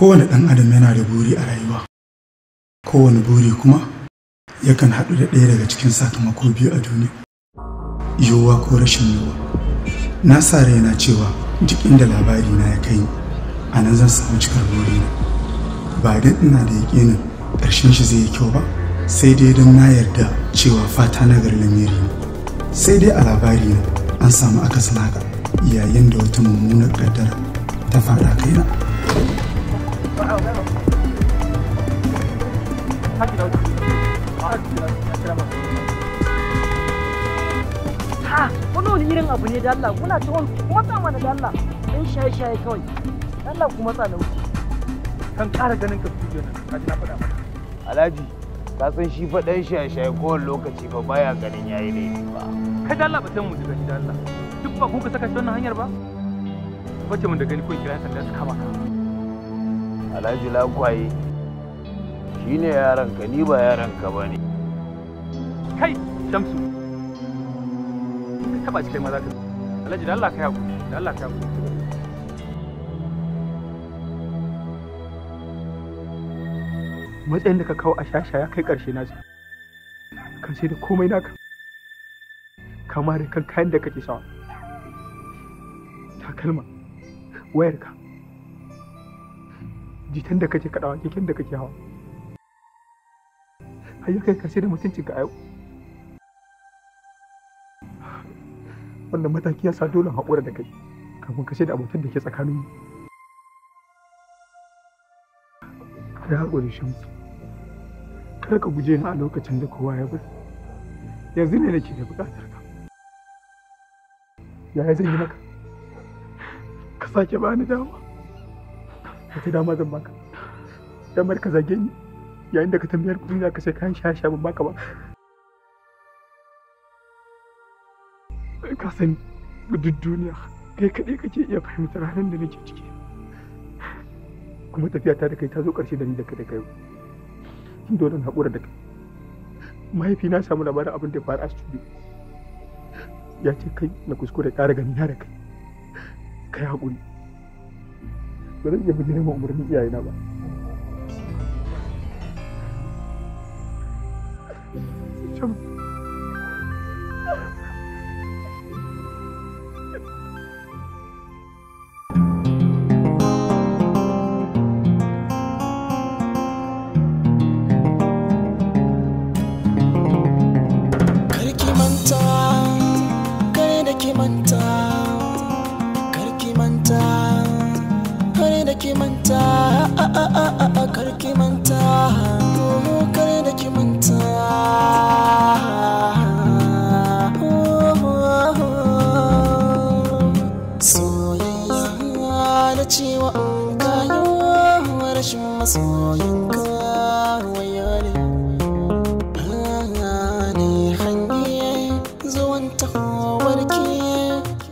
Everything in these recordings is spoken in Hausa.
kowane ɗan adam yana da buri a rayuwa kowane buri kuma yakan haɗu da ɗaya daga cikin sakamako biyu a duniya yiwuwa ko rashin yiwuwa na sa raina cewa duk inda labari na ya kai a nan zan samu cikar na ba dan ina da yaƙinin ƙarshen shi zai yi kyau ba sai dai don na yarda cewa fata na gari lamiri sai dai a labari na an samu akasin haka yayin da wata mummunar ƙaddara ta faɗa kaina. Ha, wani wani irin abu ne da Allah kuna ta wani kuma ta mana da Allah ɗan shaye-shaye kawai. Da Allah kuma sa na wuce. Kan ƙara ganin ka fito nan, ka ji na faɗa maka. Alhaji, ka san shi fa ɗan shaye-shaye kowane lokaci ba baya ganin yayi laifi ba. Kai da Allah ba san mu ji gani da Allah. Duk ba ku ka saka shi wannan hanyar ba? Bace mun da gani ko kira sanda su kama ka. alhaji lakwaye shi ne yaranka ni ba yaranka ba ne kai shamsu ka taba shi kai maza ka alhaji da allah ka yaku da allah ka yaku matsayin da ka kawo a shasha ya kai karshe na kan sai da komai naka kama da kan kayan da kake sawa takalma wayarka jitan da kake kaɗawa keken da kake hawa har ya kai karshe da mutuncinka a yau wannan mataki ya sa dole haƙura da kai kafin kashe da abokin da ke tsakanin mu ka haƙuri mu. kar ka guje ni a lokacin da kowa ya bar yanzu ne nake da buƙatar ka yaya zan yi maka ka sake bani dama wata dama zan baka damar ka zage ni yayin da ka tambayar kuɗi za ka sai kayan sha sha ban baka ba ka san duk duniya kai kaɗai kake iya fahimtar ranar da nake ciki kuma tafiya ta da kai ta zo ƙarshe da ni da kai da dole na haƙura da kai mahaifi na samu labarin abin da faru a studio ya ce kai na kuskure ƙara gani na da kai kai haƙuri ba zan iya bijire ma umarnin iyayena ba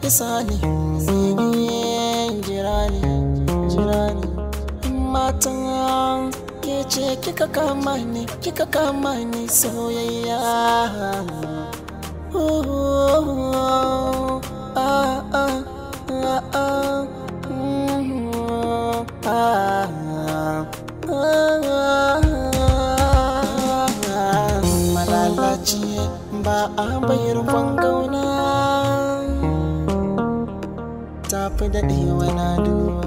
kisa ne jira ne jira ne matan ke ce kika kama ne kika kama ne soyayya malalaci ba a bayar gauna fi daɗewa na duba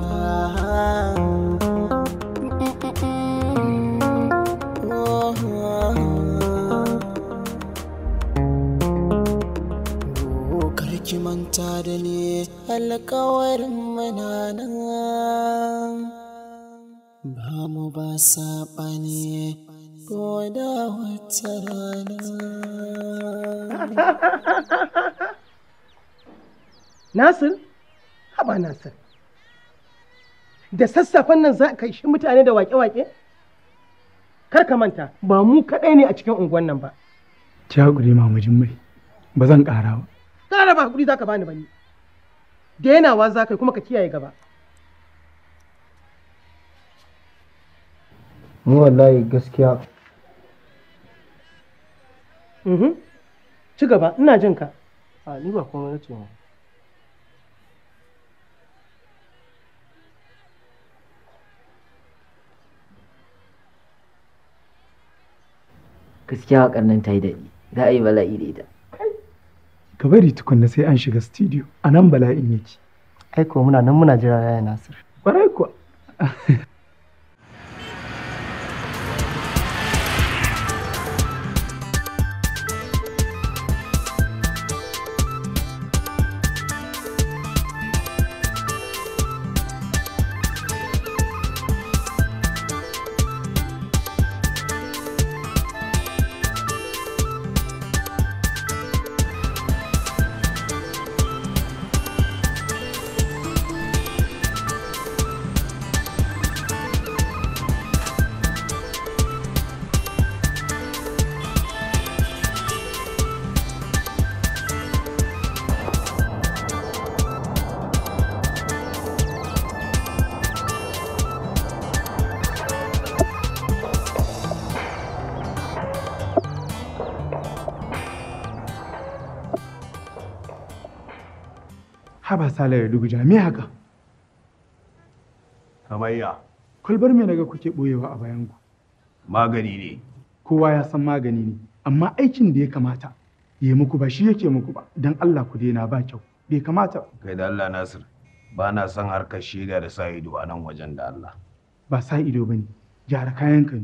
ki manta da ni alkawarin mananan ba mu ba saɓani ko da wata rana Nasir? da sassafen nan za ka shi mutane da wake-wake kar ka manta ba mu kaɗai ne a cikin unguwan nan ba ci haƙuri mamajin mai ba zan ƙara ba ƙara ba haƙuri za ka bani bane wa za ka yi kuma ka kiyaye gaba mu wallahi gaskiya mhm. ci gaba ina jin ka ni ba kuma na ce gaskiya wakar nan ta yi daɗi za a yi bala'i da ita ka bari tukunna sai an shiga studio a nan bala'in yake aiko muna nan muna jira yaya nasir kwarai kuwa sale ya duguja jami haka samayya kwalbar me naga kuke boyewa a bayan ku magani ne kowa ya san magani ne amma aikin da ya kamata ya muku ba shi yake muku ba dan Allah ku daina ba kyau bai kamata kai da Allah Nasir ba na son harkar shiga da sa ido a nan wajen da Allah ba sa ido bane gyara kayan ka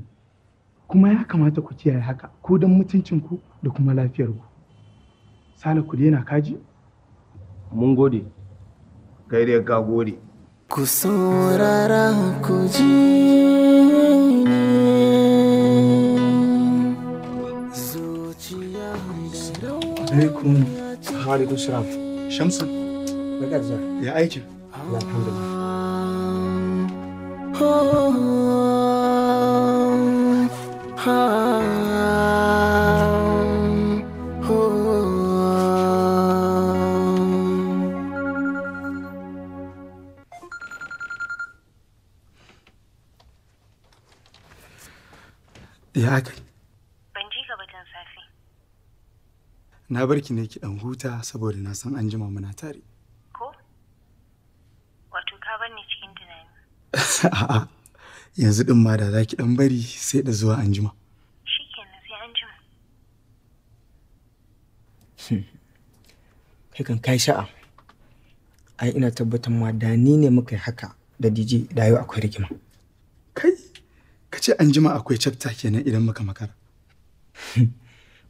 kuma ya kamata ku kiyaye haka ko dan mutuncin ku da kuma lafiyar ku sale ku daina kaji mun gode kai dai ka gode ku saurara ku ji alaikum alaikum shamsu ya aikin alhamdulillah oh, oh, oh. Ya aka yi? Ban ji gaba tun safe. Na bar ki ne ki ɗan huta saboda na san an jima muna tare. Ko? Wato ka bar ni cikin tunani. A'a, yanzu ɗin ma da za ki ɗan bari sai da zuwa an jima. Shi kenan sai an jima. Kai kan kai sha'a. Ai ina tabbatar ma da ni ne muka yi haka da DJ da yau akwai rigima. ka ce an jima akwai chapter kenan idan muka makara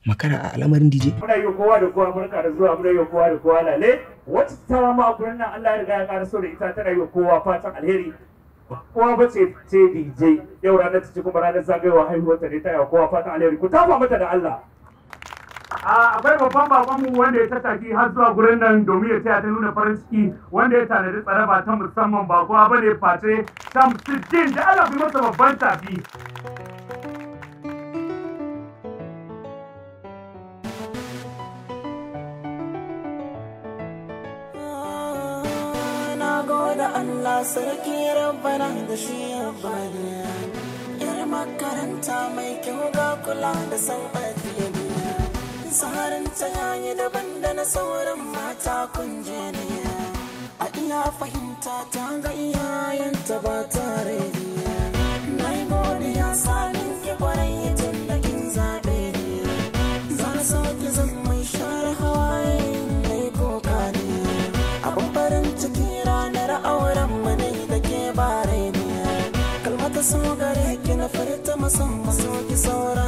makara a al'amarin DJ muna yi kowa da kowa barka da zuwa muna yi kowa da kowa lale wata ta ma gurin nan Allah ya riga ya ƙara so da ita tana yi kowa fatan alheri kowa ba ce ce DJ yau ranar ta ci kuma ranar zagayowa haihuwar ta ne ta yi kowa fatan alheri ku tafa mata da Allah akwai babban babanmu wanda ya tattaki har zuwa gurin nan domin ya taya ta nuna farin ciki wanda ya tanadi ba ta musamman ba kuma ba ne face shamsuddin da ana fi masa babban tafi Allah sarki rabbana da shi rabbana yar makaranta mai kyau ga kula da san tsarin ta yayi daban da na sauran mata kunje ne a iya fahimta ta ga iyayenta ba tare na yi godiya salin ki kwarai tun da kin zaɓe ne zan so ki zan mai share hawaye mai koka ne abin farin ciki ranar auren mana da ke bare ne kalmata so gare ki na furta musamman so ki saura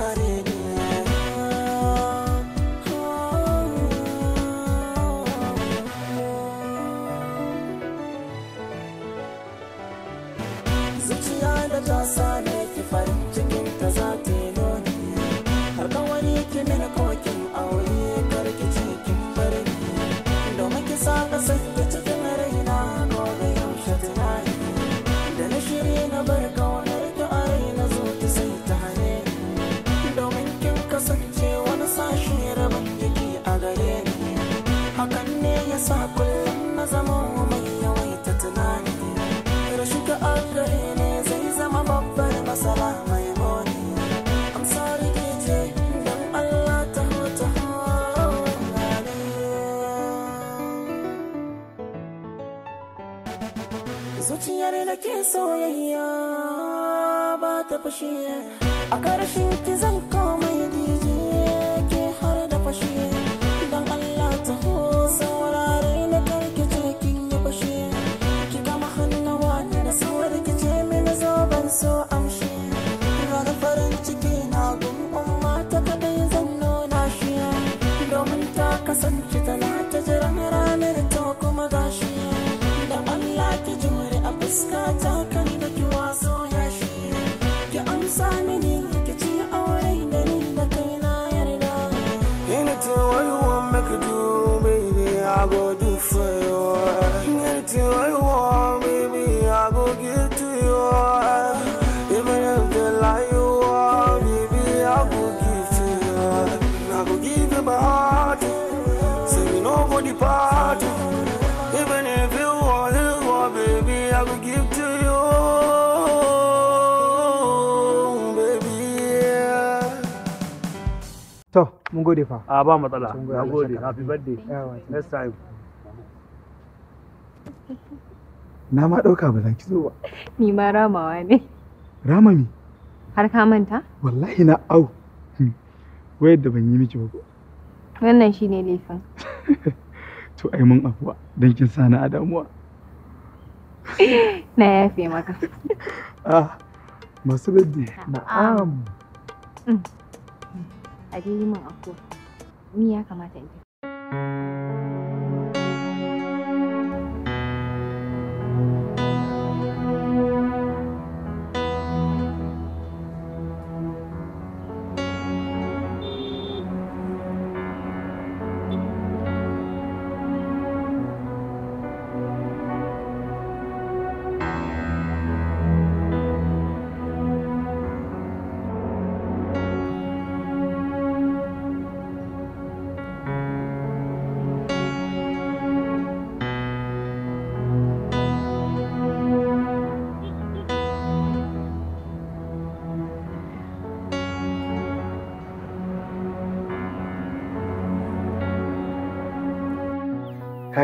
baixinha. Agora a que desanda. a ba matsala na gode happy birthday next time na ma ɗauka ba zan ki zo ba ni ma ramawa ne rama mi har ka manta wallahi na au hmm. wayar da ban yi miki ba wannan shine laifin to ai mun afuwa don kin sani a damuwa na yafe maka ah masu biddi na'am mm. a yi mun afuwa ni ya kamata in tafi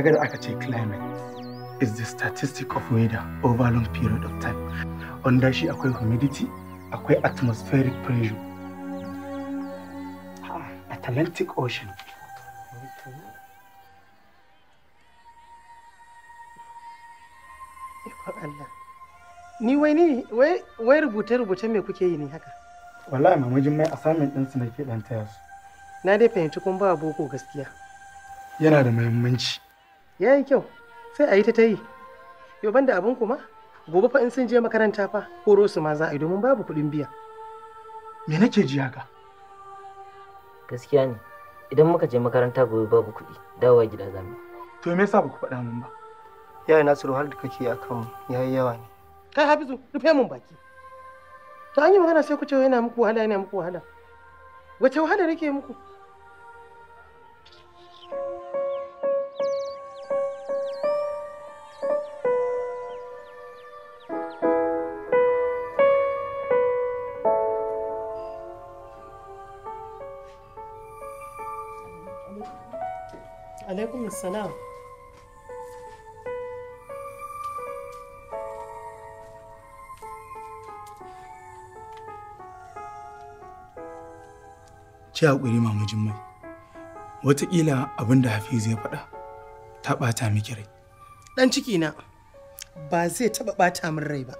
kaga da aka ce climate is the statistic of weather over long period of time under shi akwai humidity akwai atmospheric pressure atlantic ocean ni wai ni wai rubuce-rubuce me kuke yi ne haka wallahi mamajin mai assignment din su nake dan taya su na dai fahimci kun ba boko gaskiya yana da muhimmanci ya yi kyau sai a yi ta ta yi yau banda abin kuma gobe fa in sun je makaranta fa ko su ma za a yi domin babu kuɗin biya me nake ji haka gaskiya ne idan muka je makaranta gobe babu kuɗi dawowa gida za mu. to me yasa baku faɗa mun ba yayi nasiru har da kake akan yayi yawa ne kai hafizu rufe mun baki to an yi magana sai ku ce yana muku wahala yana muku wahala wace wahala nake muku alaikum salam ci haƙuri mama jummai wataƙila abinda hafiz ya faɗa ta ɓata miki rai ɗan ciki na ba zai taɓa ɓata min rai ba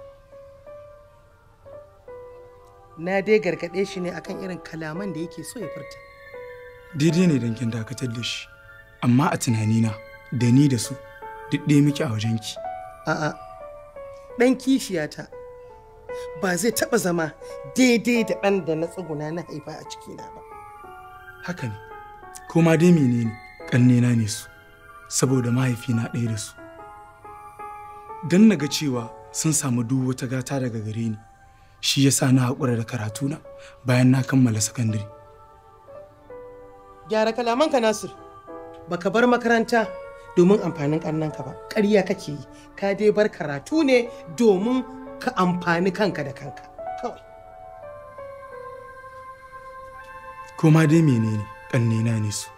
na dai gargaɗe shi ne akan irin kalaman da yake so ya furta daidai ne don kin dakatar da shi amma a tunanina da ni da su duk ɗaya muke a wajenki a'a ɗan kishiyata ba zai taɓa zama daidai da ɗan da na tsuguna na haifa a cikina ba haka ne ko ma dai menene ƙannena ne su saboda mahaifina ɗaya da su don na ga cewa sun samu duk wata gata daga gare ni shi ya sa na haƙura da karatuna bayan na kammala sakandare. Gyara kalamanka Nasir. baka bar makaranta domin amfanin ƙannanka ba ƙarya kake yi ka dai bar karatu ne domin ka amfani kanka da kanka kawai koma dai menene ƙannena ne su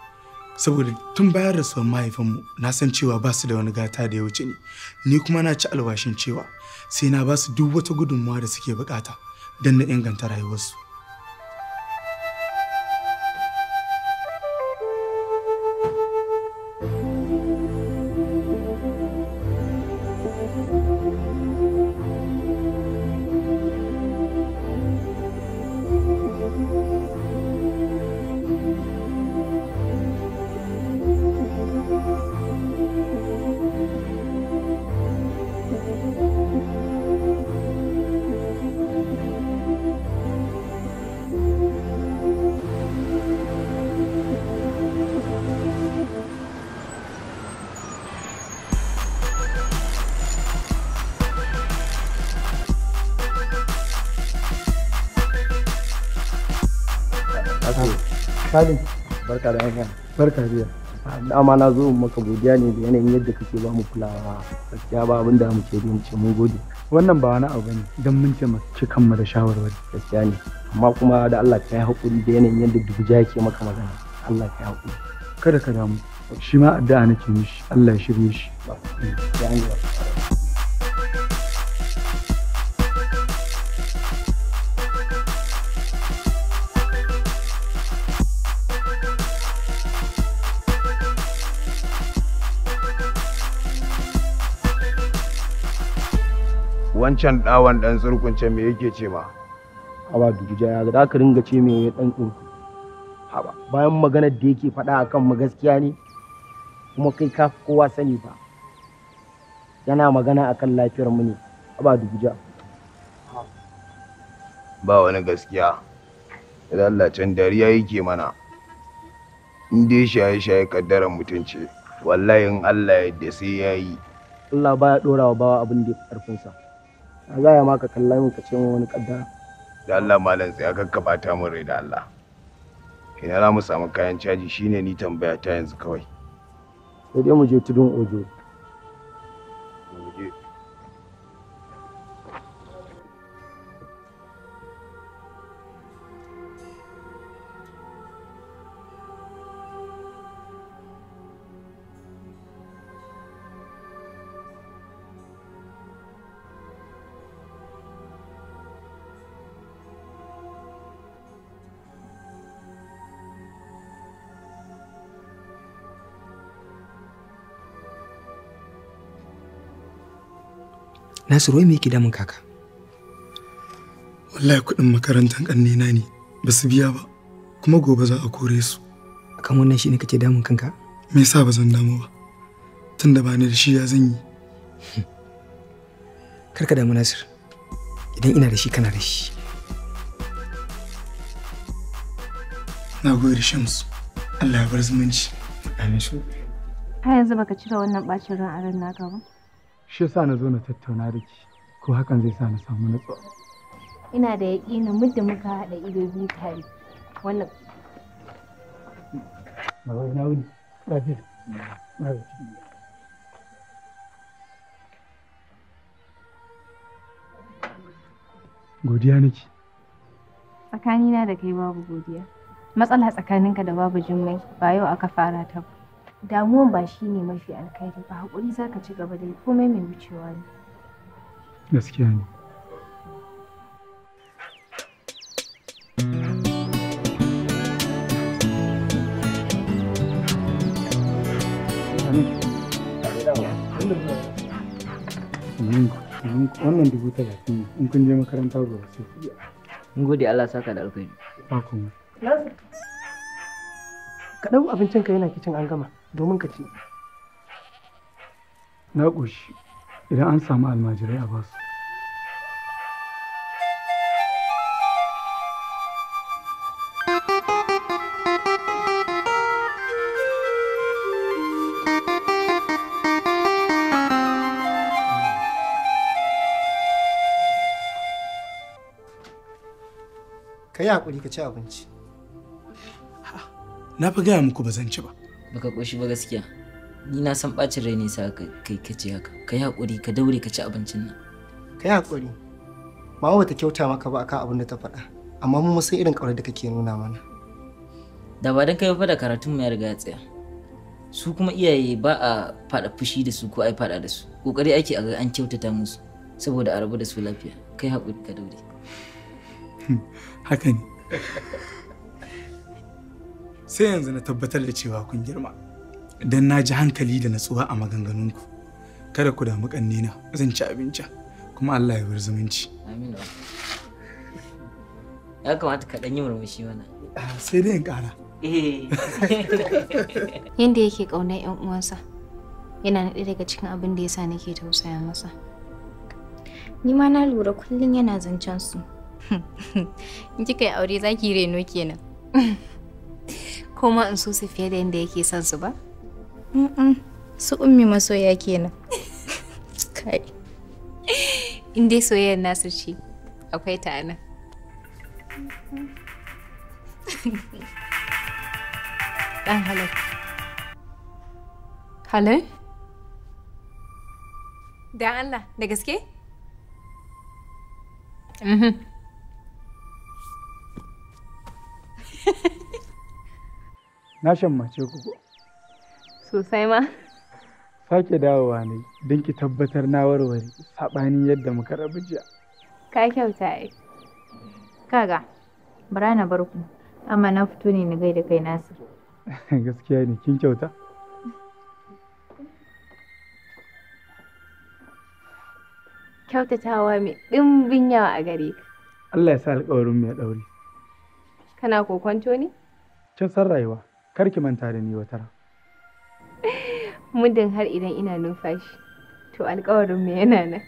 saboda tun bayar da sauran mahaifinmu na san cewa ba su da wani gata da ya wuce ni ni kuma na ci alwashin cewa sai na ba su duk wata gudunmawa da suke bukata don na inganta rayuwarsu Salim, barka da hanya. Barka biya. Dama na zo maka godiya ne da yanayin yadda kake ba mu kulawa. Gaskiya ba abin da mu ke mun ce mun gode. Wannan ba wani abu ne don mun ce mu ci kanmu da shawarwari. Gaskiya ne. Amma kuma da Allah ka yi haƙuri da yanayin yadda dubuja yake maka magana. Allah ka yi haƙuri. Kada ka damu. Shi ma addu'a nake mishi. Allah ya shirye shi. Ba. Ya wancan ɗawan ɗan tsurkunce me yake ce ma haba dubuja ya ga ka ringa ce me ya ɗan tsurku haba bayan maganar da yake faɗa akan mu gaskiya ne kuma kai ka kowa sani ba yana magana akan lafiyar mu ne haba Dujuja. ba wani gaskiya idan Allah can dariya yake mana in dai shaye-shaye kaddaran mutunci wallahi in Allah ya yadda sai ya yi Allah baya ɗora wa bawa abin da ya ƙarfinsa. za ya ka kalla min ka ce min wani kaddara da Allah malam tsaya kakka bata mun rai da Allah ina za mu samu kayan caji shine ni tambaya ta yanzu kawai sai dai mu je tudun ojo Nasiru wai me yake damun kaka? Wallahi kuɗin makarantar na ne ba su biya ba kuma gobe za a kore su. Akan wannan shi ne kake damun kanka? Me yasa ba zan damu ba? Tunda ba ni da shi ya zan yi. Karka damu Nasir. Idan ina da shi kana da shi. Na gode Shams. Allah ya bar zumunci. Amin shi. yanzu baka cire wannan bacin ran a ran naka ba? shi sa na zo na tattauna da ki ko hakan zai sa na samu natsuwa ina da yaƙinin muddin muka haɗa ido biyu tare wannan na wuni lafiya na godiya nake tsakanina da kai babu godiya matsala tsakaninka da babu jummai ba yau aka fara ta ba damuwan ba shi ne mafi alkhairi ba haƙuri za ka ci gaba da komai mai wucewa ne gaskiya ne wannan dubu talatin in kun je makaranta ruwa sai ku mun gode Allah saka da alkhairi ba kuma ka dau abincin ka yana kicin an gama domin ka ce na ƙoshi idan an samu almajirai a basu ka yi haƙuri ka ci abinci na fi gaya muku ba zan ci ba baka koshi ba gaskiya ni na san bacin rai ne sa kai ka ce haka ka yi haƙuri ka daure ka ci abincin nan ka yi haƙuri ba wata kyauta maka ba akan abin da ta faɗa amma mun san irin ƙaunar da kake nuna mana da ba dan kai fa da karatun mu ya riga ya tsaya su kuma iyaye ba a faɗa fushi da su ko ai faɗa da su kokari ake a ga an kyautata musu saboda a rabu da su lafiya kai haƙuri ka daure haka ne sai yanzu na tabbatar da cewa kun girma don na ji hankali da natsuwa a maganganunku kada ku damu kannina zan ci abinci kuma Allah ya bar zumunci ya kamata ka dan yi murmushi mana. Ah, sai dai in kara eh. yanda yake ƙaunar yan uwansa yana ɗaya daga cikin abin da yasa nake tausaya masa ni ma na lura kullum yana zancen su in kika yi aure zaki reno kenan Kuma in so su fiye da yadda yake son su ba? Su ummi masoya kenan. Kai. In dai soyayyar nasu ce, akwai ta nan. Ɗan halar. Halar? da Allah, da gaske? Mhm. na shammace ku sosai ma sake dawowa ne don ki tabbatar na warware saɓanin yadda muka rabu jiya ka kyauta ai kaga bara na bar ku amma na fito ne na da kai nasu gaskiya ne kin kyauta kyautatawa mai ɗimbin yawa a gare ka Allah ya sa alƙawarin mai ɗauri kana kokonto ne Can san rayuwa kar ki manta da ni wata muddin har idan ina numfashi to alkawarin mu yana nan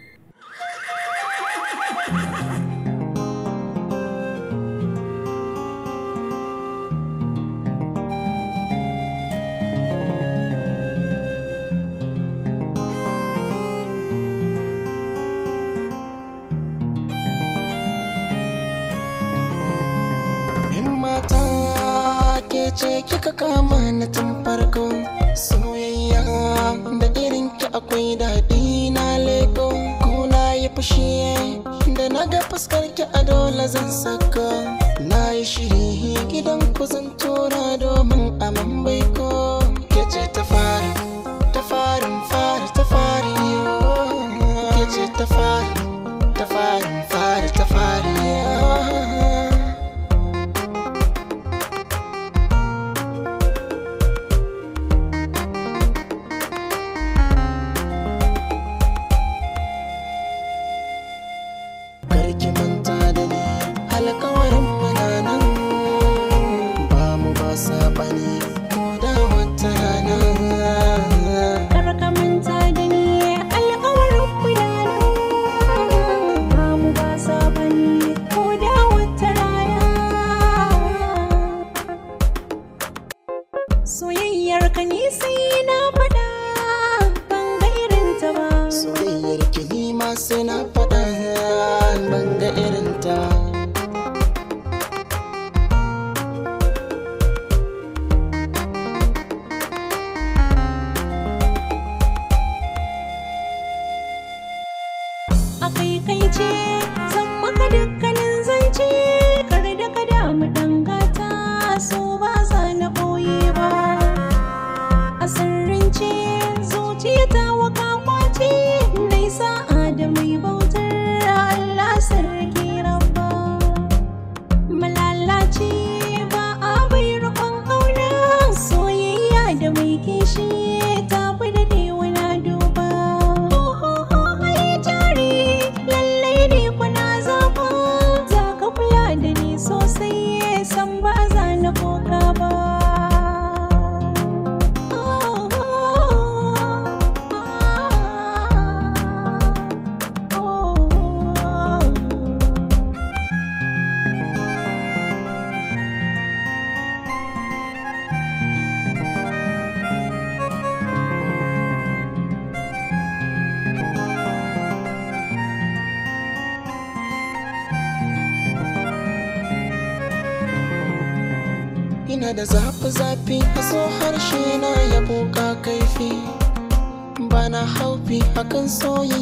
so you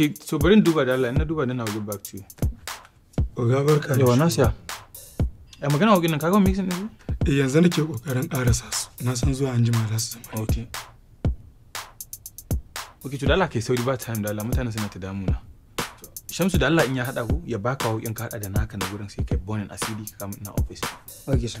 okay so bari in duba da Allah na duba then I'll get back to you oga barka yawa na siya ya magana ogin nan kaga mixin din eh yanzu nake kokarin karasa su na san zuwa an jima za su zama okay okay to da Allah kai sauri ba time da Allah mutane suna ta damuna Shamsu da Allah in ya hada ku ya baka hukin ka hada da naka na gurin sai kai bonin asidi ka kama ina office okay sir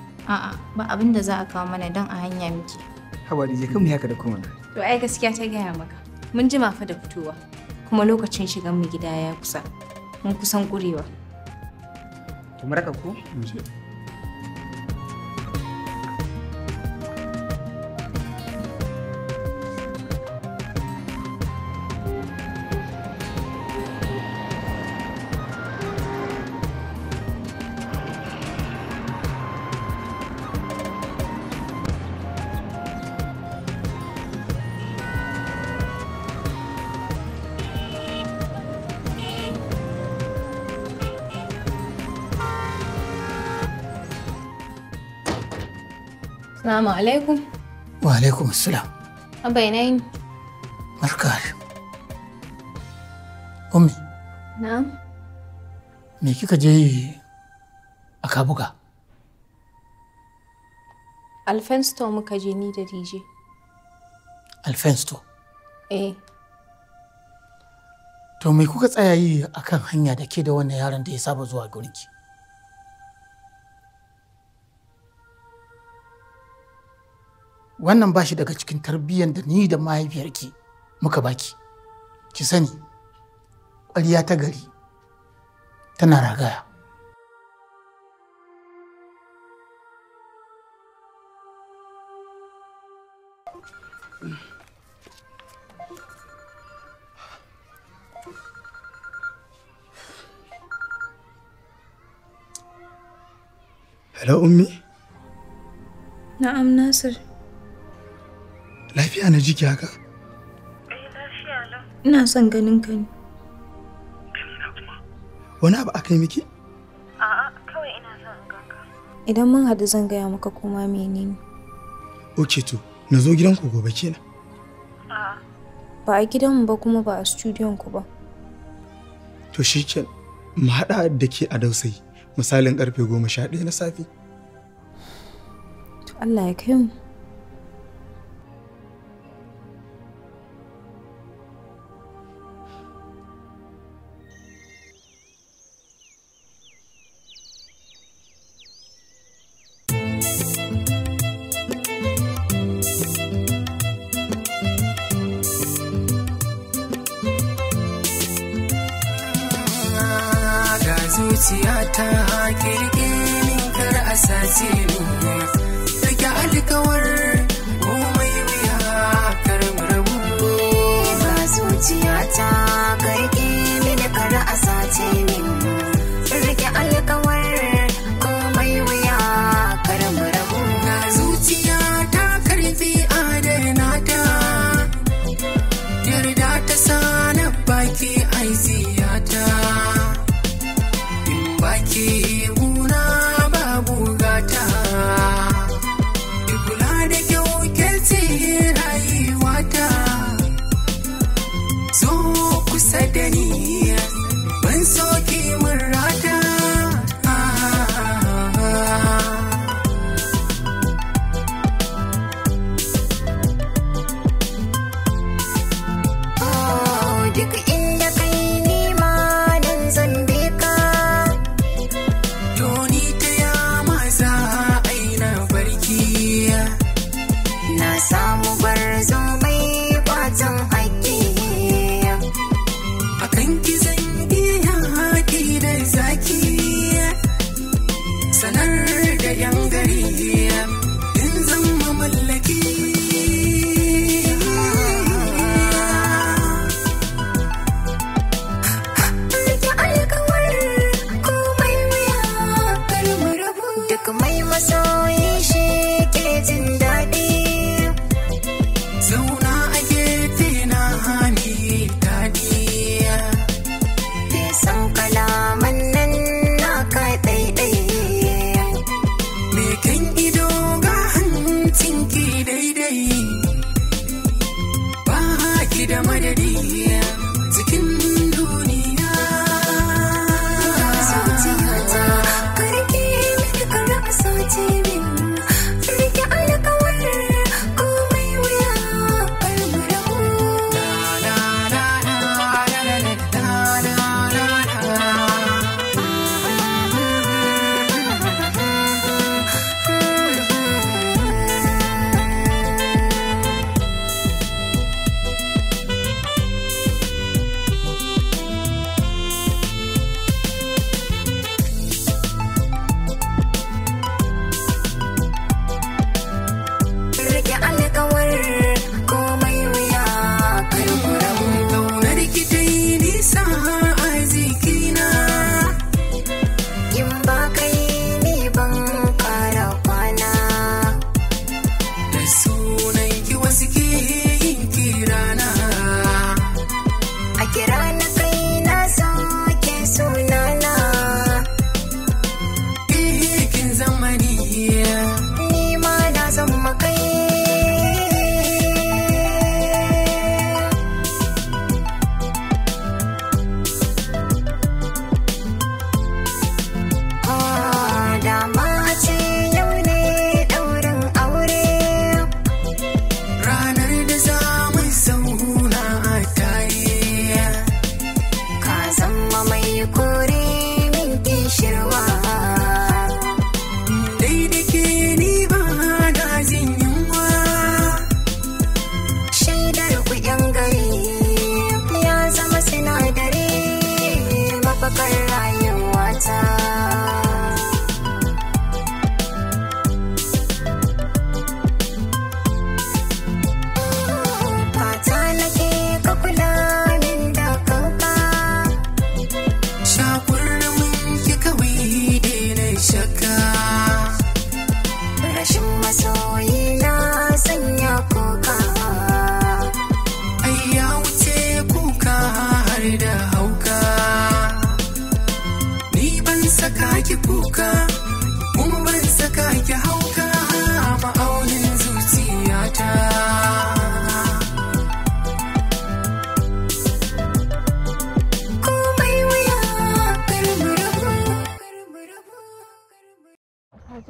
A'a, ba abin da za a kawo mana don a hanya miki. Hawa je kan mu haka da kuma. To ai gaskiya ta gaya maka. Mun ji fa da fitowa. Kuma lokacin shigan mu gida ya kusa. Mun kusan gurewa. Kuma raka ko? Assalamu alaikum. Wa alaikum assalam. Abba ina yini? Me kika je a Kabuga? Alfensto muka je ni da DJ. Alfensto? Eh. To me kuka tsaya yi akan hanya da ke da wannan yaron da ya saba zuwa gurinki? ki? wannan ba shi daga cikin tarbiyyar da ni da mahaifiyarki muka baki ki sani ƙwariya ta gari tana ragaya Hello, Ummi? Na'am, Nasir. Lafiya na jiki haka? Eh, ina son ganin ka ne. Wani abu aka yi miki? A'a, kawai ina son ganka. Idan mun haɗu zan gaya maka koma menene. Oke to, na zo gidanku gobe kenan. A'a. Ba a mu ba kuma ba a studiyon ku ba. To shi ke, mu haɗa da ke a dausayi, misalin ƙarfe goma sha ɗaya na safe. To Allah ya kai mu.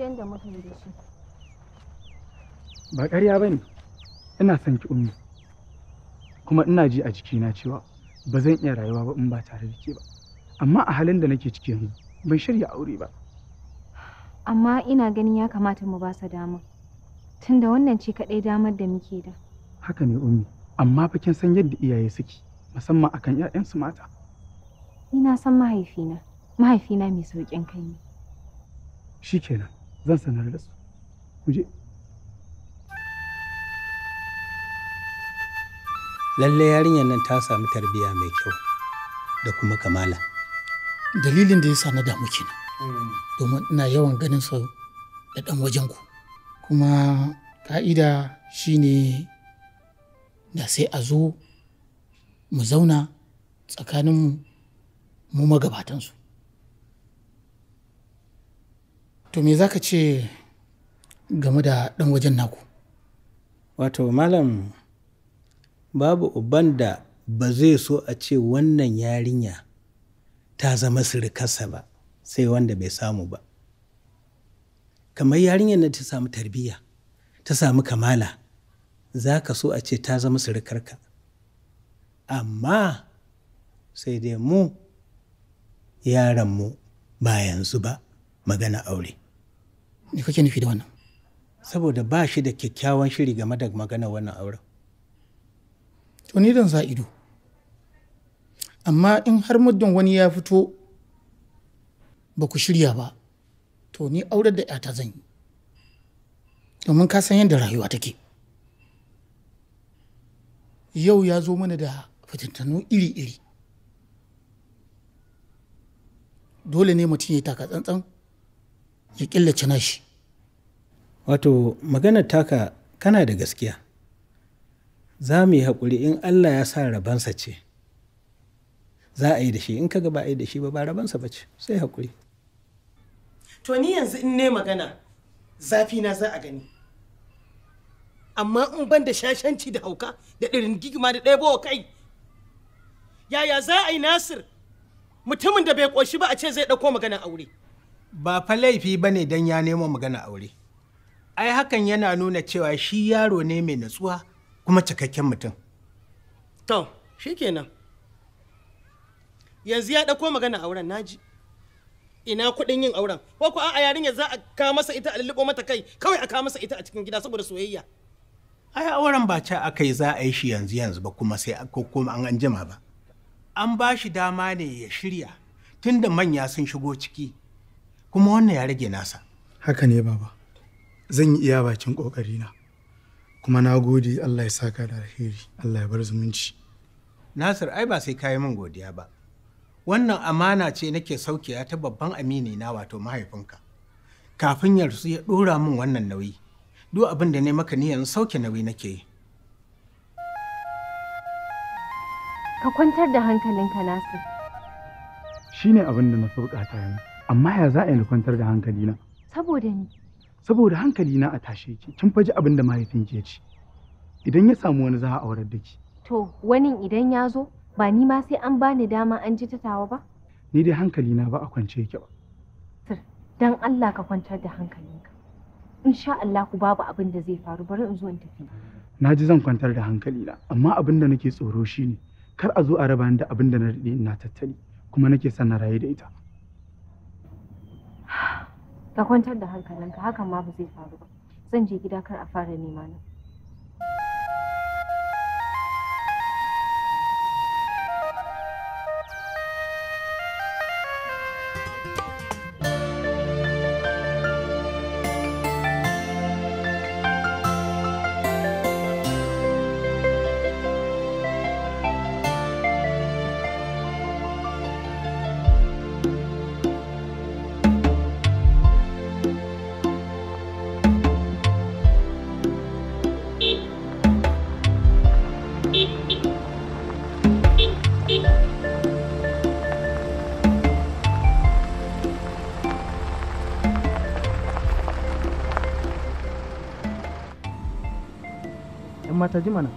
da ba ƙarya ba ne ina son ki umi kuma ina ji a jikina cewa ba zan iya rayuwa ba in ba tare da ke ba amma a halin da nake ciki yanzu ban shirya aure ba amma ina ganin ya kamata mu ba sa dama tunda wannan ce kaɗai damar da muke da haka ne Umu. amma fa kin san yadda iyaye suke musamman akan 'ya'yansu mata ina san mahaifina mahaifina mai sauƙin kai ne shikenan zan sanar da su ku je lalle yarinyar nan ta samu tarbiyya mai kyau da kuma kamala dalilin da ya sa na damu kenan domin ina yawan ganin su da dan wajen ku kuma ka'ida shine da sai a zo mu zauna tsakanin mu magabatansu to me za ka ce game da ɗan wajen naku wato malam babu uban da ba zai so a ce wannan yarinya ta zama sirikarsa ba sai wanda bai samu ba kamar yarinyar na ta samu tarbiyya ta samu kamala za ka so a ce ta zama sirikarka amma sai dai mu yaranmu ba yanzu ba magana aure me kake nufi da wannan saboda ba shi da kyakkyawan shiri game da magana wannan auren to ni dan ido amma in har muddin wani ya fito ba ku shirya ba to ni aurar da ta zan yi domin ka san yadda rayuwa take yau ya zo mana da fitintanu iri-iri dole ne mutum ya taka tsantsan ya killace nashi wato maganar taka kana da gaskiya za mu yi haƙuri in allah ya sa rabansa ce za a yi da shi in kaga ba a yi da shi ba ba rabansa ba ce sai haƙuri to ni yanzu in ne magana zafi na za a gani amma in ban da shashanci da hauka da ɗirin gigima da ɗaya bawa kai yaya za a yi nasir mutumin da bai ƙoshi ba a ce zai ɗauko maganar aure ba fa laifi ba ne don ya nemo magana aure ai hakan yana nuna cewa shi yaro ne mai natsuwa kuma cikakken mutum to kenan. yanzu ya ɗauko magana auren naji ina kuɗin yin auren ko ku a yarinya za a ka masa ita a lulluɓo mata kai kawai a ka masa ita a cikin gida saboda soyayya ai auren ba ca aka yi za a yi shi yanzu yanzu ba kuma sai ko kuma an an jima ba an ba shi dama ne ya shirya tunda manya sun shigo ciki kuma wannan ya rage nasa haka ne baba zan yi iya bakin na kuma na gode allah ya saka da alheri allah ya bar zumunci nasir ai ba sai kayi min godiya ba wannan amana ce nake saukiya ta babban amini na wato mahaifinka kafin yarsu ya ɗora min wannan nauyi duk abin da ne maka niyan sauke nauyi nake yi ka kwantar da hankalinka nasir shine abin da na sauƙata yanzu amma ya za a yi kwantar da hankalina saboda ni saboda hankalina a tashe ki kin faji abin da mahaifin ke ci idan ya samu wani za a aurar da ki to wani idan ya zo ba ni ma sai an bani dama an ji tawa ba ni dai hankalina ba a kwance yake ba sir dan Allah ka kwantar da hankalinka insha Allah ku babu abin da zai faru bari in zo in tafi na ji zan kwantar da hankalina amma abin da nake tsoro shine kar a zo a raba ni da abin da na daɗe ina tattali kuma nake son na rayu da ita ka kwantar da hankalinka hakan ma ba zai faru ba zan je gida kar a fara nema na ta ji mana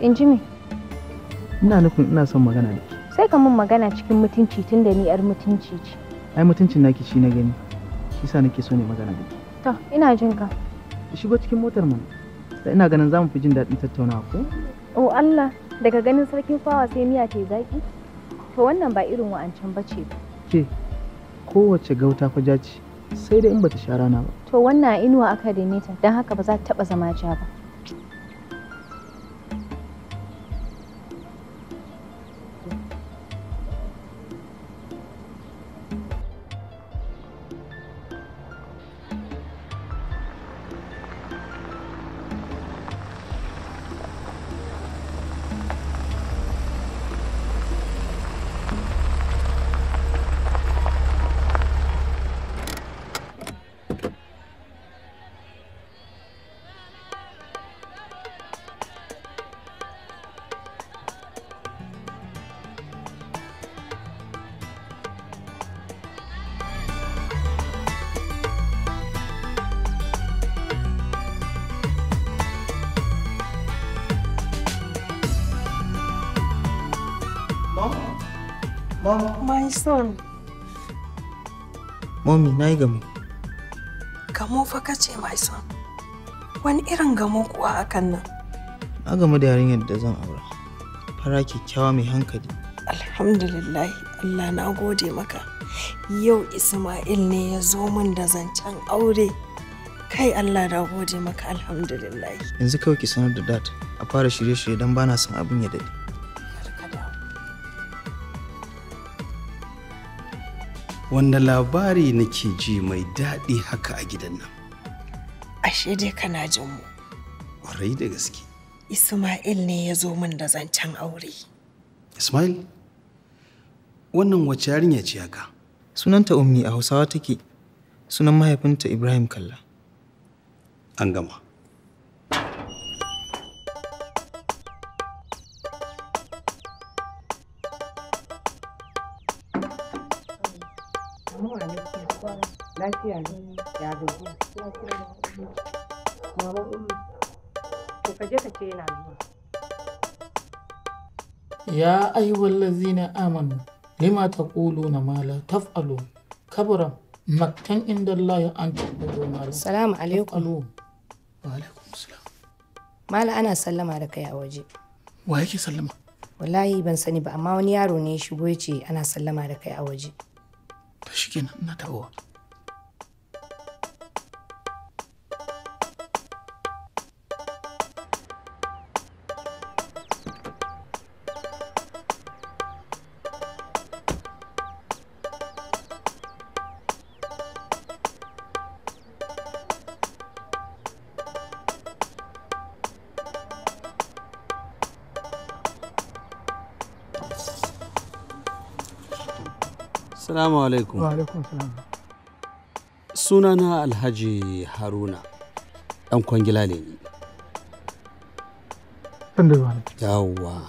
in ji me ina nufin ina son magana da ke sai ka mun magana cikin mutunci tun da ni yar mutunci ce ai mutuncin naki shi na gani shi sa nake so ne magana da ke to ina jin ka shigo cikin motar mu da ina ganin zamu fi jin daɗin tattaunawa ko oh Allah daga ganin sarkin fawa sai miya ke zaki to wannan ba irin wa'ancan bace ba ke kowace gauta fa jaci. ce sai dai in bata sha rana ba to wannan a inuwa aka daina ta don haka ba za ta taɓa zama ja ba Mom. My son. Mommy, na yi gamo. Gamo fa ka ce, my son. Wani irin gamo kuwa akan nan? Na gamu da yarinyar da zan aura. Fara kyakkyawa mai hankali. Alhamdulillah, Allah na gode maka. Yau Ismail ne ya zo min da zancen aure. Kai Allah na gode maka alhamdulillah. Yanzu kawai ki sanar da dat a fara shirye-shirye don bana son abin ya dade. wanda labari nake ji mai daɗi haka a gidan nan ashe dai kana jin mu ƙwarai da gaske isma'il ne ya zo min da zancen aure isma'il wannan wacce yarinya ce haka sunanta ummi a hausawa take sunan mahaifinta ibrahim kalla an gama lafiya ne ya gaji mama ulu to ka je ka ce yana zuwa ya ayyuhal ladzina amanu lima taquluna ma la taf'alun kabura maktan inda Allah an taqulu ma la salamu alaikum wa alaikum salam mala ana sallama da kai a waje wa yake sallama wallahi ban sani ba amma wani yaro ne shigo ya ce ana sallama da kai a waje to shikenan ina tawowa Assalamu alaikum. Wa alaikum salam. Sunana Alhaji Haruna, ɗan kwangila ne ni. Yawwa.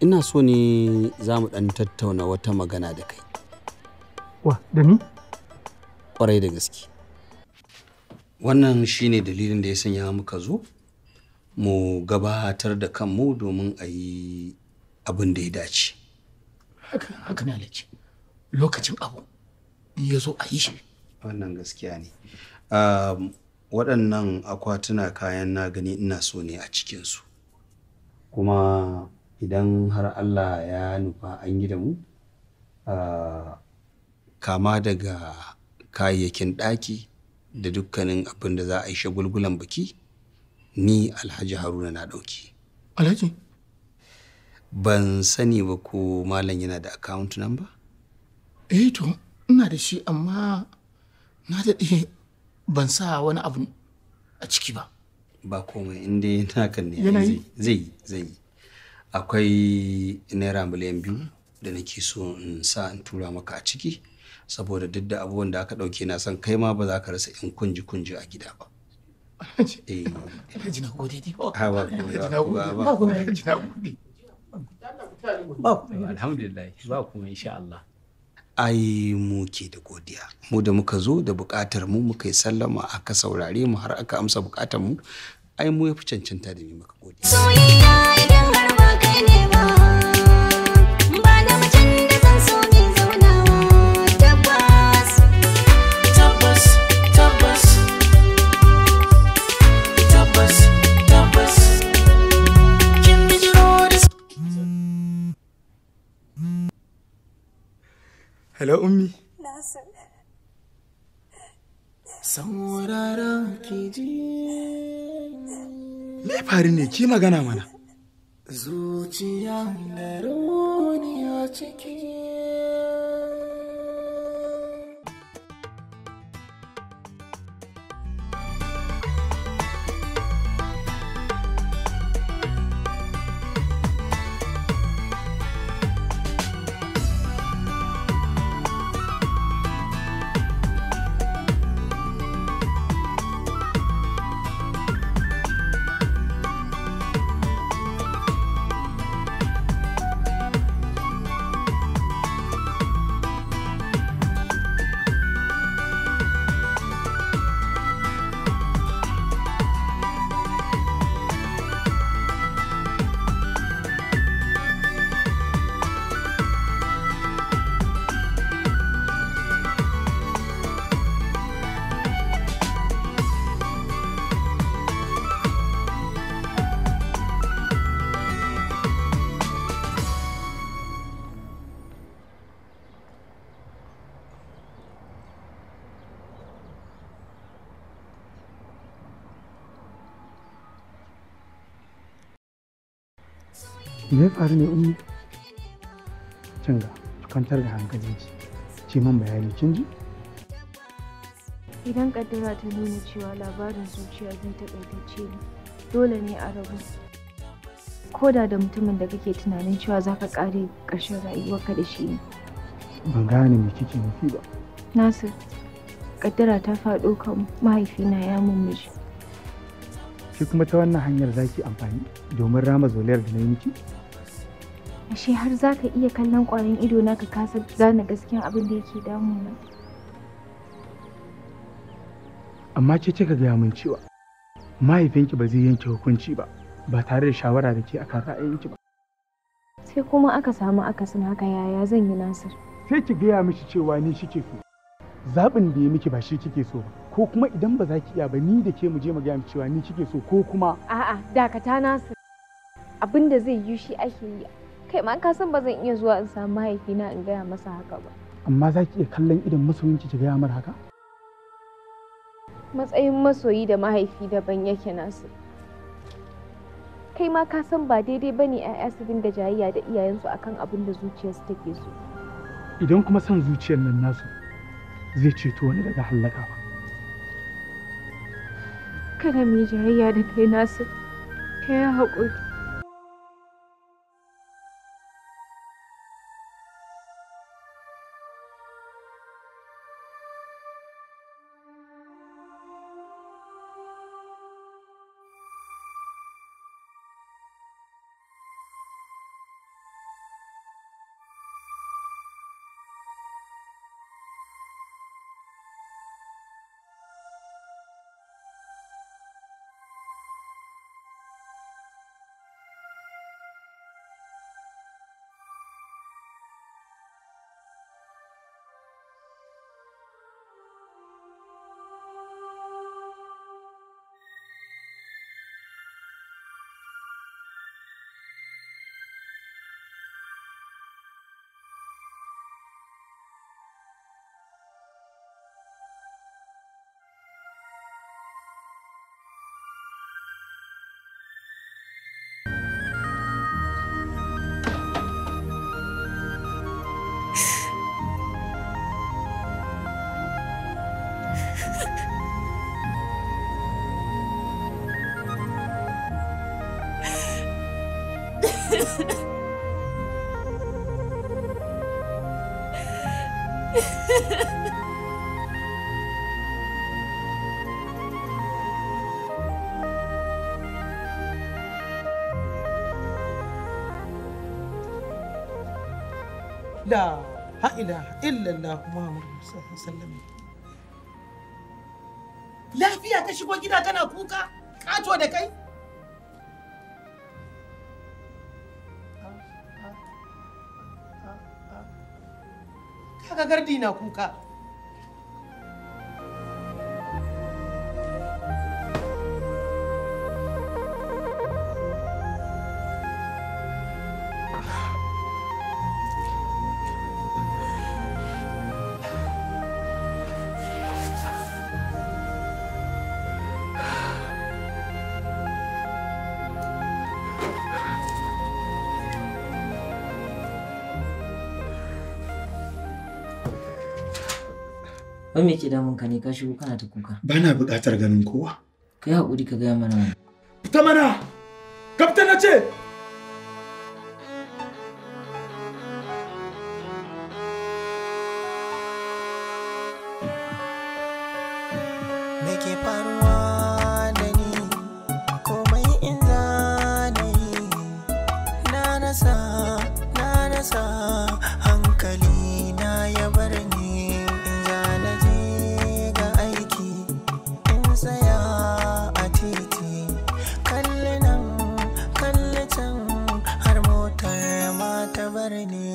Ina so ne za mu ɗan tattauna wata magana da kai. Wa, da ni? Ƙwarai da gaske. Wannan shi ne dalilin da ya sanya muka zo, mu gabatar da kanmu domin a yi abin da ya dace. Haka, haka na lokacin abu in ya zo a yi shi wannan gaskiya ne waɗannan akwatuna kayan na gani ina so ne a cikin su. kuma idan har allah ya nufa an yi da mu kama daga kayayyakin ɗaki da dukkanin abin da za a yi shagulgulan biki ni alhaji haruna na ɗauki alhaji ban sani ba ko malam yana da account number eh to ina da shi amma na daɗe ban sa wani abu a ciki ba ba komai inda yana kan ne zai zai yi akwai naira miliyan biyu da nake so in sa in tura maka a ciki saboda duk da abubuwan da aka ɗauke na san kai ma ba za ka rasa in kunji kunji a gida ba eh. ba kuma insha Allah ai mu ke da godiya mu da muka zo da buƙatar mu muka yi sallama aka saurare mu har aka amsa bukatar mu ai mu ya fi cancanta da mai maka godiya Hello, Ummi. Nasir. Saurara ki ji. Me faru ne ki magana mana? Zuciya da roniya cikin. faru ne umu can ga kwantar da hankalinki ki man bayani kin ji idan kaddara ta nuna cewa labarin zuciya zai taƙaitacce ce dole ne a rabu ko da da mutumin da kake tunanin cewa za ka ƙare ƙarshen rayuwarka da shi ne ban gane me kike nufi ba nasir kaddara ta faɗo kan mahaifina ya miji. shi kuma ta wannan hanyar za ki amfani domin rama zoliyar da na yi miki ashe har za ka iya kallon ƙwarin ido na ka kasa zana gaskiyar abin da yake damuna amma ce kika gaya min cewa mahaifinki ba zai yanke hukunci ba ba tare da shawara da ke akan ra'ayinki ba sai kuma aka samu akasin haka yaya zan yi nasir sai ki gaya mishi cewa ni shi ke so zaɓin da ya miki ba shi kike so ba ko kuma idan ba za ki iya ba ni da ke mu je mu gaya mishi cewa ni kike so ko kuma a'a dakata nasir abin da zai yi shi ake yi kai ma ka san ba zan iya zuwa in samu mahaifina in gaya masa haka ba amma za ki iya kallon idan masoyinki ki gaya mar haka matsayin masoyi da mahaifi daban yake nasu kai ma ka san ba daidai ba ne 'ya'ya su dinga jayayya da iyayensu akan abin da zuciyarsu take so idan kuma son zuciyar nan nasu zai ceto wani daga hallaka ba kada mai jayayya da kai nasu ka yi haƙuri da ha'ila illallah Muhammadu sallallahu Lafiya ta shigo gida tana kuka kato da kai? Kaga gardi na kuka. Wai me ke damun ka ne ka shigo kana ta kuka? Ba na buƙatar ganin kowa. Kai haƙuri ka gaya mana. Fita mana! Kaftan na ce! Marine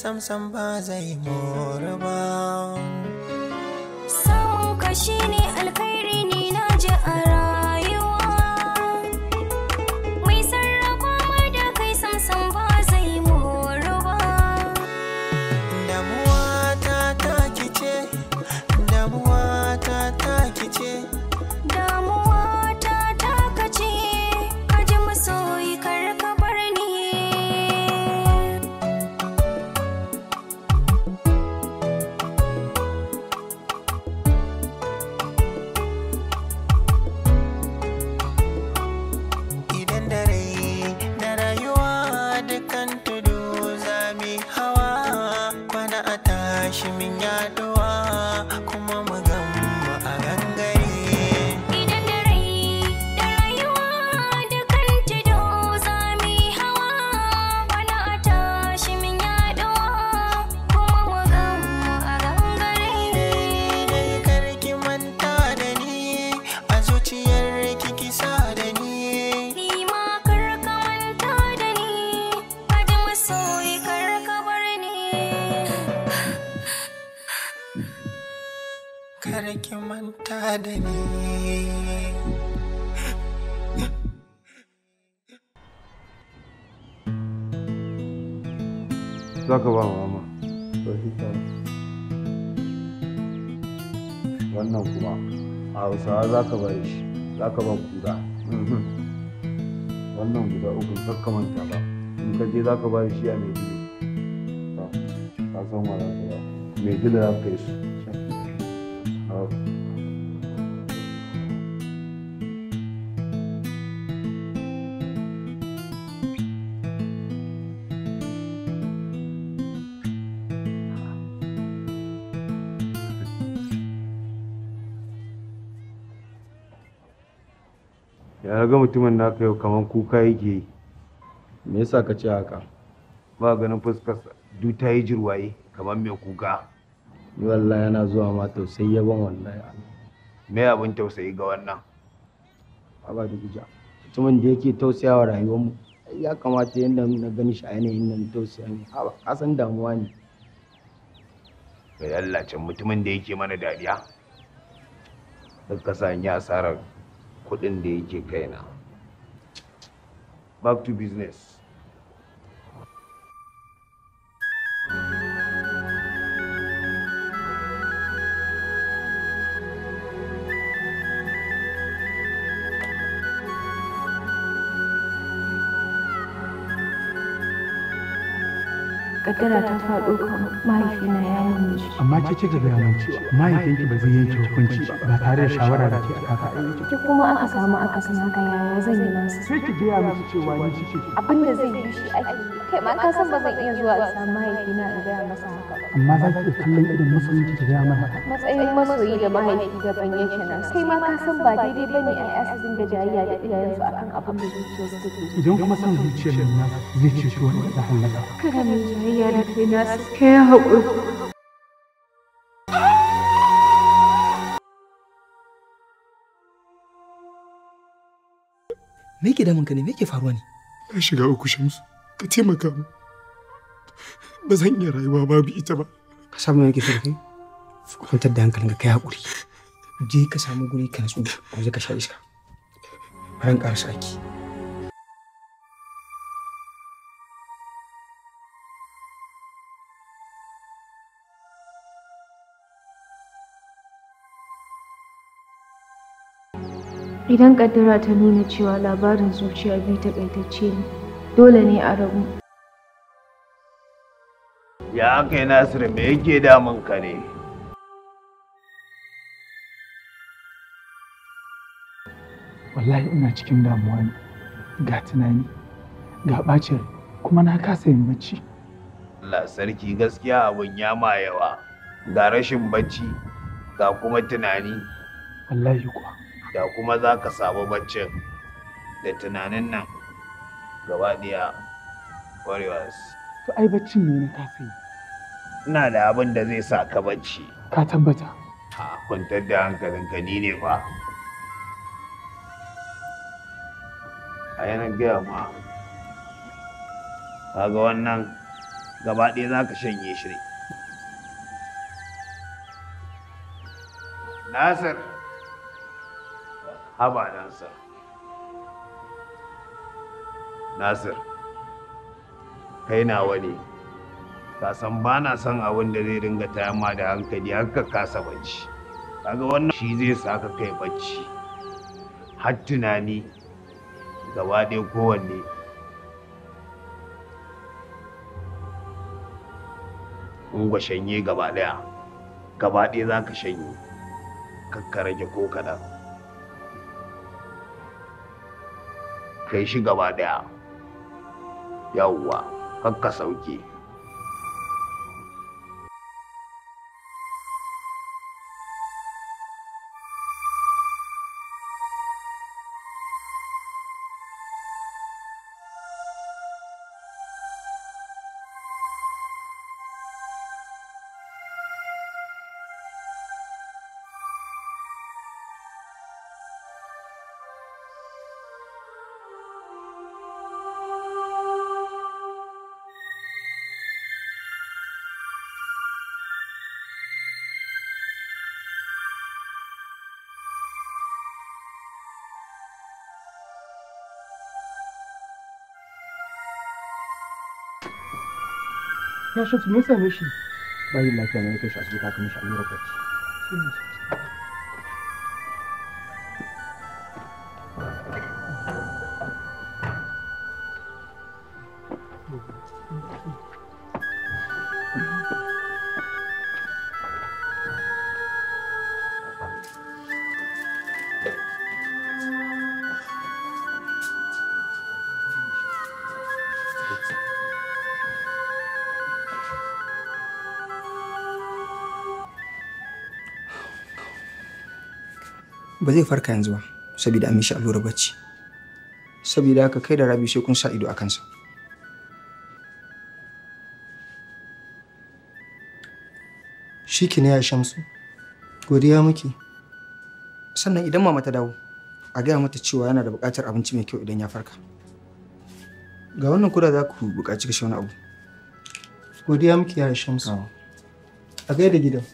samsam ba zai mu shiya mai gida ka san wani da mai gida za ka yi su ya ga mutumin na kai kamar kuka yake yi me yasa ka ce haka ba ganin fuskarsa duk ta yi jirwaye kamar mai kuka ni wallahi yana zuwa ma tausayi ya yaban wallahi me abin tausayi ga wannan ba da gija mutumin da yake wa rayuwar mu ya kamata yadda na gani shi a yanayin nan tausaya ne haba kasan damuwa ne bai Allah can mutumin da yake mana dariya duk kasan ya asarar kuɗin da yake kaina back to business kaddara ta faɗo kan mahaifina ya yi miji. Amma ke ce ga bayanan cewa mahaifinki ba zai yanke hukunci ba tare da shawara da ke aka aiki. Ki kuma aka samu akasin haka yaya zan yi masa. Sai ki biya musu cewa ni shi ke. Abin da zai yi shi ake. Kai ma ka san ba zan iya zuwa a samu mahaifina in gaya masa haka. Amma za ki iya kallon irin masoyi ki gaya mana. Matsayin masoyi da mahaifi ban yake nan. Kai ma ka san ba daidai ba ne a yi asirin da jariya da iyayensu akan abin da zuciyarsu take. Idan kuma son zuciyar nan zai shi wani da halaka. Kada mai jariya me ke damunka ne me ke faruwa ne na shiga uku shamsu ka taimaka mu ba zan iya rayuwa babu ita ba ka samu yake so kai kwantar da hankalinka kai hakuri je ka samu guri ka natsu je ka sha iska bayan ƙarasa aiki Idan ƙaddara ta nuna cewa labarin zuciya biyu taƙaitacce ne, dole ne a rabu. Ya kai Nasiru me yake damun ka ne? Wallahi ina cikin damuwa ne, ga tunani, ga ɓacin kuma na kasa yin bacci. Allah sarki gaskiya abin ya ma yawa, ga rashin bacci, ga kuma tunani. Wallahi kuwa. da kuma za ka samu baccin da tunanin nan gaba ɗaya warriors to ai baccin ne na kafin? ina da abin da zai sa ka bacci ka tabbata a kwantar da ka ni ne fa a yanar gaya ma kaga wannan gaba ɗaya za ka shanye shi Nasir. haba nasir kai nawa ne ka san ba na son abin da zai dinga tayamma da hankali har ka kasa bacci kaga wannan shi zai sa ka kai bacci har tunani gaba ɗaya kowanne in shanye gaba ɗaya gaba ɗaya za ka shanye kakka rage ko kaɗan kai shi gaba daya yawwa kakka sauke ya shafi me yasa ne shi bai lafiya ne kai shi ba zai farka yanzu ba saboda an mishi allurar bacci saboda haka kai da rabi sai kun sa ido a kansa shi ki ne ya shamsu godiya miki sannan idan mama ta dawo a gaya mata cewa yana da buƙatar abinci mai kyau idan ya farka ga wannan kuda za ku buƙaci kashe wani abu godiya miki ya shamsu a gaida gidan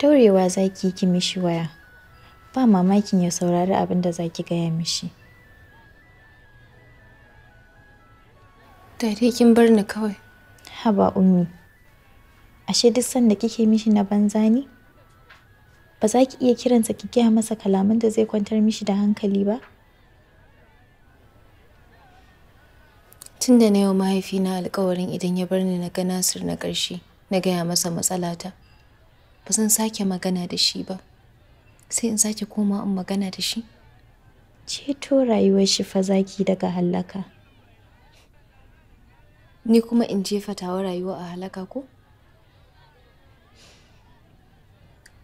taurewa zaki ki mishi waya ba mamakin ya saurari abin da za ki gaya mishi. Dare kin bar ni kawai. Haba ummi. Ashe duk sanda kike mishi na banza ne? Ba za ki iya kiransa ki gaya masa kalaman da zai kwantar mishi da hankali ba? tunda da na yau mahaifina alkawarin idan ya bar ni na ga Nasir na ƙarshe, na gaya masa matsalata. Ba zan sake magana da shi ba. sai in sake koma in magana da shi ceto rayuwar shi fa zaki daga halaka ni kuma in jefa tawa rayuwa a halaka ko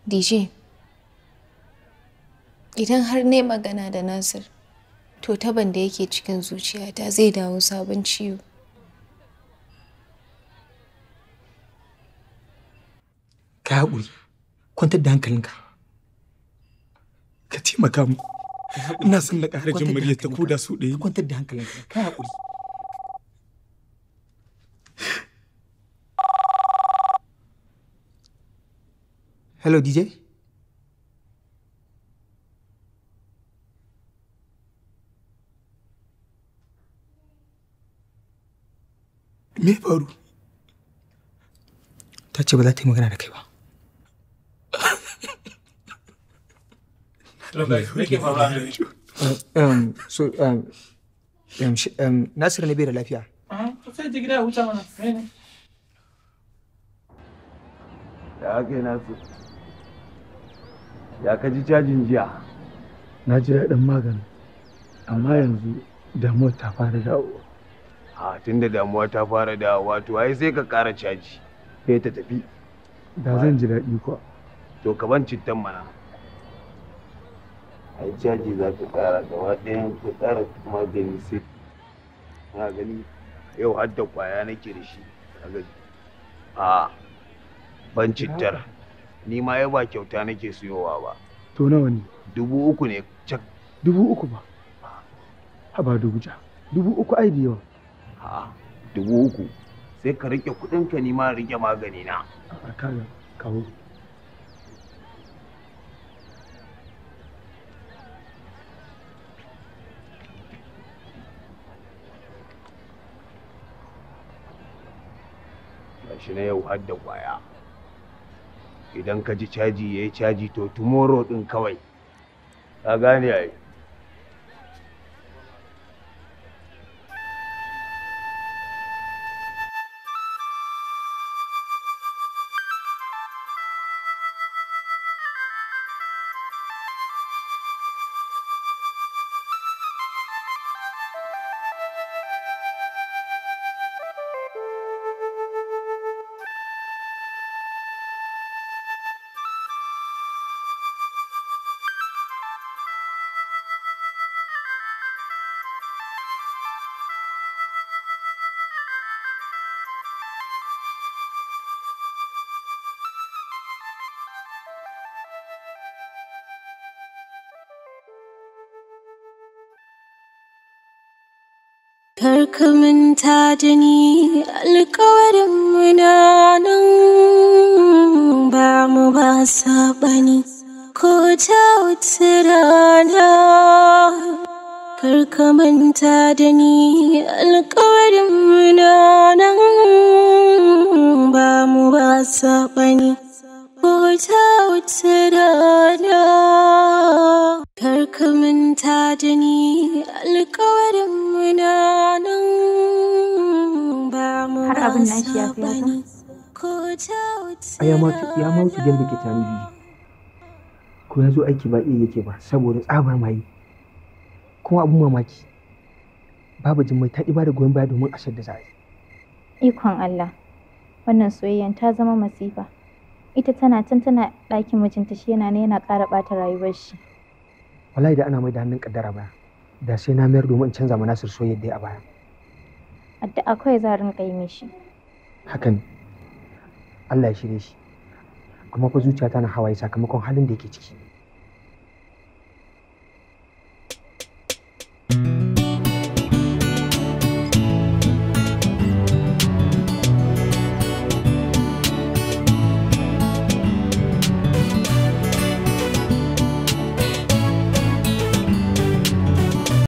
DJ idan har ne magana da Nasir to taban da yake cikin zuciyata zai dawo sabon ciwo ka haƙuri kwantar da hankalinka ka taimaka mu ina son na ƙara jin muryar ta koda su ɗaya kwantar da hankalinka kai haƙuri hello dj me faru ta ce ba za ta yi magana da kai ba da Nasir ne bai da lafiya. ya huta mana. Da aka Ya ka ji cajin jiya. Na ji daɗin magani. Amma yanzu damuwa ta fara dawowa. A tunda damuwa ta fara dawowa to ai sai ka ƙara caji. Sai ta tafi. Da zan ji daɗi kuwa. To ka ban cittan mana. a yi caji za ka kara gaba ɗayan ka kara magani sai na gani yau har da kwaya nake da shi a ban cittar ni ma yaba ba kyauta nake siyowa ba to nawa ne dubu uku ne cak dubu uku ba haba dubu ja dubu uku ai da yawa a dubu uku sai ka rike ka ni ma rike magani na kawo gashi na yau har da kwaya idan ka ji caji ya yi caji to tomorrow ɗin kawai ka gane ai karka manta da ni alkawarin muna nan ba mu ba saɓani ko ta wata rana karka manta da ni alkawarin muna nan ba mu ba saɓani ya ma wuce gyara ke tare da ko ya zo aiki ba iya yake ba saboda tsabar maye kuma abin mamaki babu Jummai ta ba da goyon baya domin ashar da za a yi ikon Allah wannan soyayyan ta zama masifa ita tana can tana ɗakin mijinta shi yana ne yana ƙara ɓata rayuwar shi wallahi da ana mai da hannun kaddara baya da sai na mayar domin in canza ma Nasir soyayya dai a baya addu'a kai za rinka yi mishi hakan Allah ya shirye shi kuma fa zuciya tana hawaye sakamakon halin da yake ciki